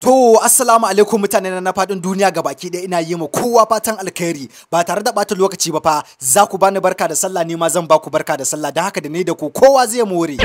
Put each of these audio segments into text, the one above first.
To, assalamu alaikum mutane na faɗin duniya ga baki ɗaya ina yi ma kowa fatan alkhairi ba tare da ɓata lokaci ba fa za ku bani barka da sallah ne ma zan ba ku barka da sallah da haka da ni da ku kowa zai more.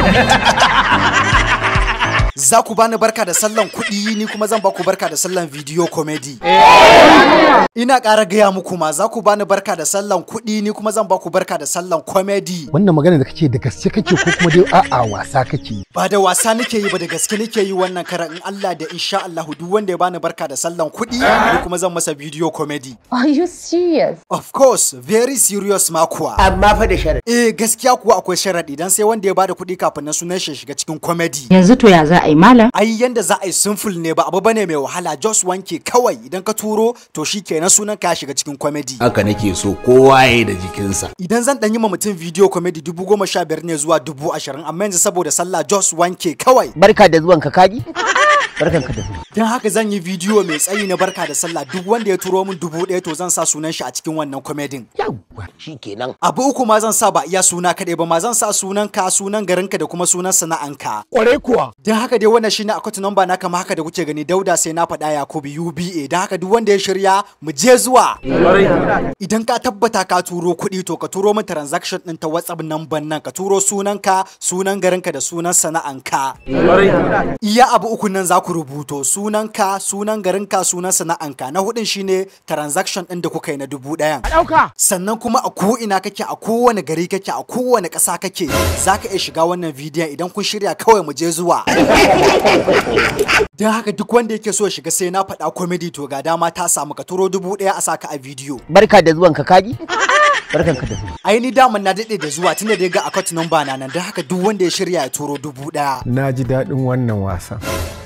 za ku bani barka da sallan kuɗi ni kuma zan ba ku barka da sallan video comedy. Eh. Ina ƙara gaya muku ma za ku bani barka da sallan kuɗi ni kuma zan ba ku barka da sallan comedy. Wannan magana da kake da gaske kake ko kuma dai a'a wasa kake. Ba da wasa nake yi ba da gaske nake yi wannan karan in Allah da insha Allah duk wanda ya bani barka da sallan kuɗi ni kuma zan masa video comedy. Are you serious? Of course, very serious ma kuwa. Amma fa da sharadi. Eh gaskiya kuwa akwai sharadi dan sai wanda ya bada kuɗi kafin na sunan shi shiga cikin comedy. Yanzu to ya za a yi malam? Ai yanda za a yi simple ne ba abu bane mai wahala just wanke kawai idan ka turo to shike na sunan ka shiga cikin comedy haka nake so kowa ya da jikinsa idan zan dan yi ma mutum video comedy dubu goma sha biyar ne zuwa dubu ashirin amma yanzu saboda sallah just wanke kawai barka da zuwan ka kaji barkan ka da su don haka zan yi bidiyo mai tsayi na barka da sallah duk wanda ya turo min dubu ɗaya to zan sa sunan shi a cikin wannan komedin yawwa shikenan abu uku ma zan sa ba iya suna kaɗai ba ma zan sa sunan ka sunan garinka da kuma sunan sana'anka kwarai kuwa don haka dai wannan shine akwati number na kama haka da kuke gani dauda sai na faɗa yakubu uba don haka duk wanda ya shirya mu je zuwa idan ka tabbata ka turo kuɗi to ka turo min transaction ɗin ta whatsapp number nan ka turo sunanka sunan garinka da sunan sana'anka iya abu uku nan za ku ku rubuto sunanka sunan garinka sunan sana'anka na hudun shine transaction din da kuka yi na dubu ɗayan sannan kuma a ko ina kake a kowane gari kake a kowane ƙasa kake zaka iya shiga wannan bidiyon idan kun shirya kawai mu je zuwa don haka duk wanda yake so shiga sai na faɗa comedy to ga dama ta samu ka turo dubu ɗaya a saka a bidiyo barka da zuwan ka kaji barkan ka da zuwa ai ni daman na daɗe da zuwa tunda da ga account number na nan don haka duk wanda ya shirya ya turo dubu ɗaya na ji daɗin wannan wasan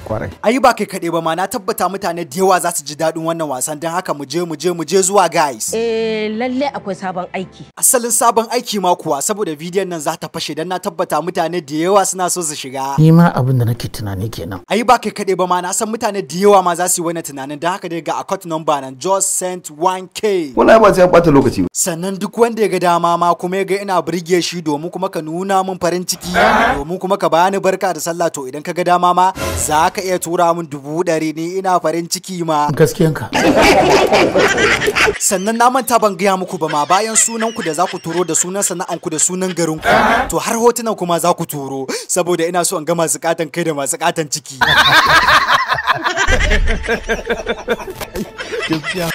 kwarai ayi ba kai kaɗai ba ma na tabbata mutane da yawa za su ji daɗin wannan wasan don haka mu je mu je mu je zuwa guys eh lalle akwai sabon aiki asalin sabon aiki ma kuwa saboda bidiyon nan za ta fashe don na tabbata mutane da yawa suna so su shiga ni ma abin da nake tunani kenan ayi ba kai kaɗai ba ma na san mutane da yawa ma za su yi wannan tunanin don haka dai ga account number nan just sent 1k wallahi ba sai bata lokaci ba sannan duk wanda ya ga dama ma kuma ya ga ina burge shi domin kuma ka nuna min farin ciki domin kuma ka bani barka da sallah to idan ka ga dama ma za ka iya tura min dubu ɗari ni ina farin ciki ma. ka. Sannan na manta ban gaya muku ba ma bayan sunan ku da za ku turo da sunan sana'an ku da sunan garin ku. To har hotunan kuma za ku turo saboda ina so in ga masu katan kai da masu katan ciki.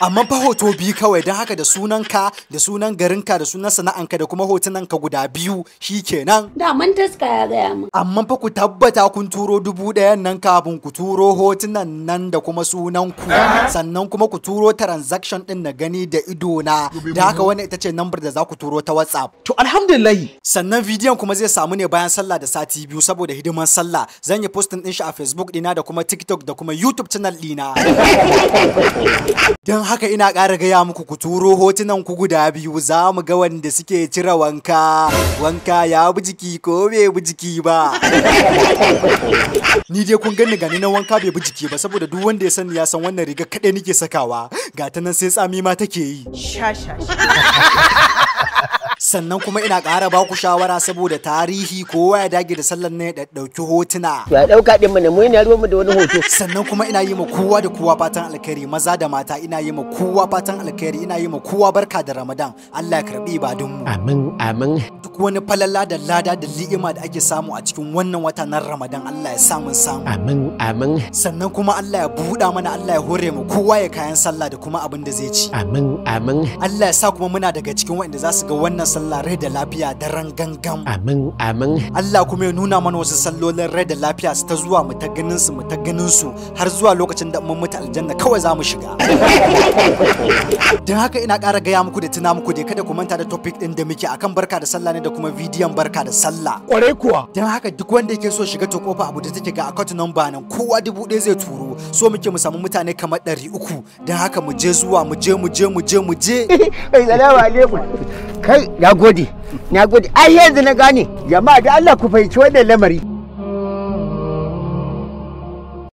amma fa hoto biyu kawai don haka da sunan ka da sunan garin ka da sunan sana'an ka da kuma hotunan ka guda biyu shikenan da mun taska ya gaya mu amma fa ku tabbata kun turo dubu ɗayan nan kafin ku turo hotunan nan da kuma sunan ku eh. sannan kuma ku turo transaction din na gani da ido na da haka wani ita ce number da za ku turo ta whatsapp to alhamdulillah sannan bidiyon kuma zai samu ne bayan sallah da sati biyu saboda hidiman sallah zan yi posting din shi a facebook dina da kuma tiktok da kuma youtube channel dina Don haka ina ƙara gaya muku ku turo hotunan ku guda biyu za mu ga wanda suke cire wanka. Wanka ya bi jiki ko bai bi jiki ba. Ni dai kun gani gani na wanka bai bi jiki ba saboda duk wanda ya sani ya san wannan riga kaɗai nake sakawa. Ga ta nan sai tsami ma take yi. Sha sannan kuma ina ƙara ba ku shawara saboda tarihi kowa ya dage da sallar ne da ɗauki hotuna ya ɗauka ɗin mana mu ina ruwanmu da wani hoto sannan kuma ina yi ma kowa da kowa fatan alkhairi maza da mata ina yi ma kowa fatan alkhairi ina yi ma kowa barka da ramadan Allah ya karɓi ibadunmu amin amin duk wani falala da lada da li'ima da ake samu a cikin wannan wata na ramadan Allah ya samu samu amin amin sannan kuma Allah ya buɗa mana Allah ya hore mu kowa ya kayan sallah da kuma abin da zai ci amin amin Allah ya sa kuma muna daga cikin waɗanda za su ga wannan sallah rai da lafiya da ran gangan. Amin amin. Allah kuma ya nuna mana wasu sallolin rai da lafiya su ta zuwa mu ta ganin su mu ta ganin su har zuwa lokacin da mun mutu aljanna kawai za mu shiga. Don haka ina ƙara gaya muku da tuna muku da kada ku manta da topic ɗin da muke akan barka da sallah ne da kuma bidiyon barka da sallah. kware kuwa. Don haka duk wanda yake so shiga to kofa abu da take ga account number nan kowa dubu ɗaya zai turo so muke mu samu mutane kamar ɗari uku don haka mu je zuwa mu je mu je mu je mu je. alaikum. kai ya gode ya gode ai yanzu na gane jama'a da Allah ku fahimci wannan lamari